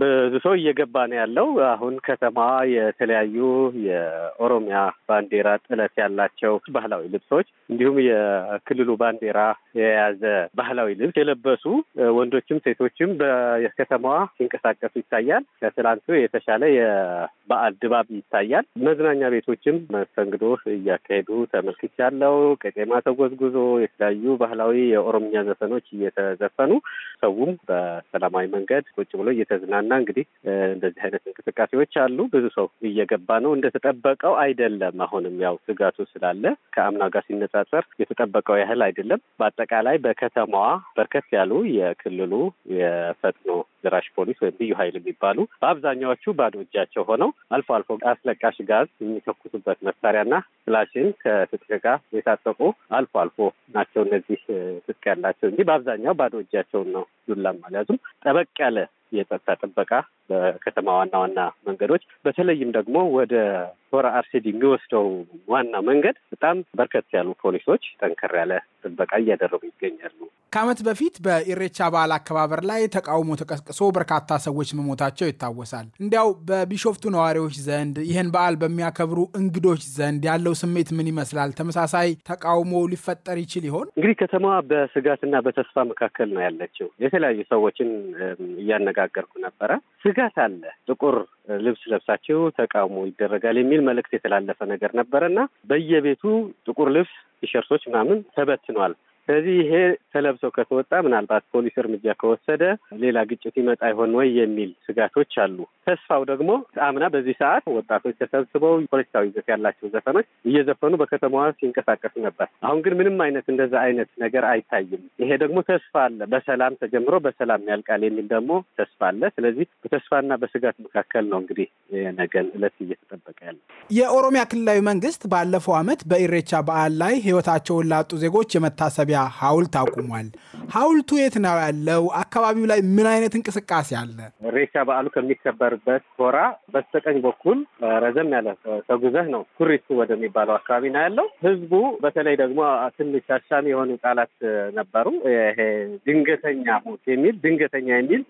ብዙ ሰው እየገባ ነው ያለው። አሁን ከተማዋ የተለያዩ የኦሮሚያ ባንዲራ ጥለት ያላቸው ባህላዊ ልብሶች እንዲሁም የክልሉ ባንዲራ የያዘ ባህላዊ ልብስ የለበሱ ወንዶችም ሴቶችም በከተማዋ ሲንቀሳቀሱ ይታያል። ከትላንቱ የተሻለ በዓል ድባብ ይታያል። መዝናኛ ቤቶችም መስተንግዶ እያካሄዱ ተመልክቻለሁ። ቀጤማ ተጎዝጉዞ የተለያዩ ባህላዊ የኦሮምኛ ዘፈኖች እየተዘፈኑ ሰውም በሰላማዊ መንገድ ቁጭ ብሎ እየተዝናና እንግዲህ እንደዚህ አይነት እንቅስቃሴዎች አሉ። ብዙ ሰው እየገባ ነው። እንደተጠበቀው አይደለም። አሁንም ያው ስጋቱ ስላለ ከአምና ጋር ሲነጻጸር የተጠበቀው ያህል አይደለም። በአጠቃላይ በከተማዋ በርከት ያሉ የክልሉ የፈጥኖ ፖሊስ ወይም ልዩ ኃይል የሚባሉ በአብዛኛዎቹ ባዶ እጃቸው ሆነው አልፎ አልፎ አስለቃሽ ጋዝ የሚተኩሱበት መሳሪያና ስላሽን ከትጥቅ ጋር የታጠቁ አልፎ አልፎ ናቸው። እነዚህ ትጥቅ ያላቸው እንጂ በአብዛኛው ባዶ እጃቸውን ነው። ዱላም አልያዙም። ጠበቅ ያለ የጸጥታ ጥበቃ በከተማ ዋና ዋና መንገዶች በተለይም ደግሞ ወደ ሆራ አርሲዲ የሚወስደው ዋና መንገድ በጣም በርከት ያሉ ፖሊሶች ጠንከር ያለ ጥበቃ እያደረጉ ይገኛሉ። ከዓመት በፊት በኢሬቻ በዓል አከባበር ላይ ተቃውሞ ተቀስቅሶ በርካታ ሰዎች መሞታቸው ይታወሳል። እንዲያው በቢሾፍቱ ነዋሪዎች ዘንድ ይህን በዓል በሚያከብሩ እንግዶች ዘንድ ያለው ስሜት ምን ይመስላል? ተመሳሳይ ተቃውሞ ሊፈጠር ይችል ይሆን? እንግዲህ ከተማዋ በስጋትና በተስፋ መካከል ነው ያለችው። የተለያዩ ሰዎችን እያነጋገርኩ ነበረ። ስጋ ስጋት አለ። ጥቁር ልብስ ለብሳችሁ ተቃውሞ ይደረጋል የሚል መልእክት የተላለፈ ነገር ነበረ እና በየቤቱ ጥቁር ልብስ ቲሸርቶች ምናምን ተበትኗል። ስለዚህ ይሄ ተለብሶ ከተወጣ ምናልባት ፖሊስ እርምጃ ከወሰደ ሌላ ግጭት ይመጣ ይሆን ወይ የሚል ስጋቶች አሉ። ተስፋው ደግሞ አምና በዚህ ሰዓት ወጣቶች ተሰብስበው ፖለቲካዊ ይዘት ያላቸው ዘፈኖች እየዘፈኑ በከተማዋ ሲንቀሳቀሱ ነበር። አሁን ግን ምንም አይነት እንደዛ አይነት ነገር አይታይም። ይሄ ደግሞ ተስፋ አለ። በሰላም ተጀምሮ በሰላም ያልቃል የሚል ደግሞ ተስፋ አለ። ስለዚህ በተስፋና በስጋት መካከል ነው እንግዲህ ነገን እለት እየተጠበቀ ያለ። የኦሮሚያ ክልላዊ መንግስት ባለፈው አመት በኢሬቻ በዓል ላይ ህይወታቸውን ላጡ ዜጎች የመታሰቢያ ሐውልት አቁሟል። ሀውልቱ የት ነው ያለው? አካባቢው ላይ ምን አይነት እንቅስቃሴ አለ? ሬቻ በዓሉ ከሚከበርበት ሆራ በስተቀኝ በኩል ረዘም ያለ ተጉዘህ ነው ኩሪቱ ወደሚባለው አካባቢ ነው ያለው። ህዝቡ በተለይ ደግሞ ትንሽ አሻሚ የሆኑ ቃላት ነበሩ። ይሄ ድንገተኛ ሞት የሚል ድንገተኛ የሚል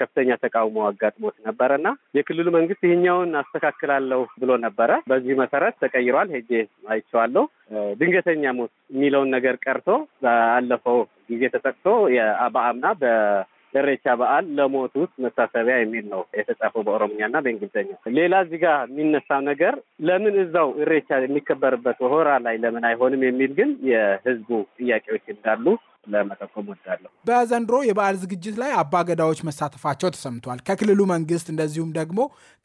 ከፍተኛ ተቃውሞ አጋጥሞት ነበረ እና የክልሉ መንግስት ይህኛውን አስተካክላለሁ ብሎ ነበረ። በዚህ መሰረት ተቀይሯል። ሄጄ አይቼዋለሁ። ድንገተኛ ሞት የሚለውን ነገር ቀርቶ ባለፈው ጊዜ ተጠቅሶ በአምና በእሬቻ በዓል ለሞቱት መታሰቢያ የሚል ነው የተጻፈው በኦሮምኛና በእንግሊዝኛ። ሌላ እዚህ ጋር የሚነሳ ነገር ለምን እዛው እሬቻ የሚከበርበት ሆራ ላይ ለምን አይሆንም የሚል ግን የህዝቡ ጥያቄዎች እንዳሉ ለመጠቆም ወዳለሁ። በዘንድሮ የበዓል ዝግጅት ላይ አባገዳዎች መሳተፋቸው ተሰምቷል። ከክልሉ መንግስት እንደዚሁም ደግሞ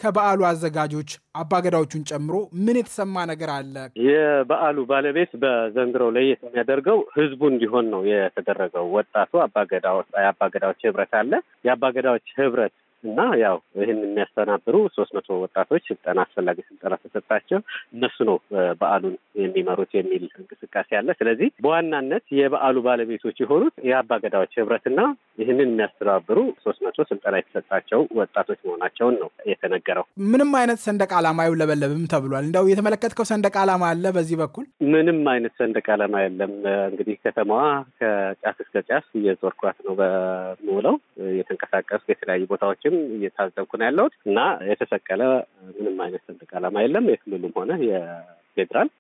ከበዓሉ አዘጋጆች አባገዳዎቹን ጨምሮ ምን የተሰማ ነገር አለ? የበዓሉ ባለቤት በዘንድሮ ለየት የሚያደርገው ህዝቡ እንዲሆን ነው የተደረገው። ወጣቱ አባገዳዎች አባገዳዎች ህብረት አለ። የአባገዳዎች ህብረት እና ያው ይህን የሚያስተናብሩ ሶስት መቶ ወጣቶች ስልጠና አስፈላጊ ስልጠና ተሰጣቸው። እነሱ ነው በዓሉን የሚመሩት የሚል እንቅስቃሴ አለ። ስለዚህ በዋናነት የበዓሉ ባለቤቶች የሆኑት የአባ ገዳዎች ህብረትና ይህንን የሚያስተባብሩ ሶስት መቶ ስልጠና የተሰጣቸው ወጣቶች መሆናቸውን ነው የተነገረው። ምንም አይነት ሰንደቅ ዓላማ አይውለበለብም ተብሏል። እንደው የተመለከትከው ሰንደቅ ዓላማ አለ? በዚህ በኩል ምንም አይነት ሰንደቅ ዓላማ የለም። እንግዲህ ከተማዋ ከጫፍ እስከ ጫፍ እየዞርኳት ነው በምውለው የተንቀሳቀስኩ የተለያዩ ቦታዎች ሰዎችን እየታዘብኩ ነው ያለሁት እና የተሰቀለ ምንም አይነት ሰንደቅ ዓላማ የለም። የክልሉም ሆነ የፌዴራል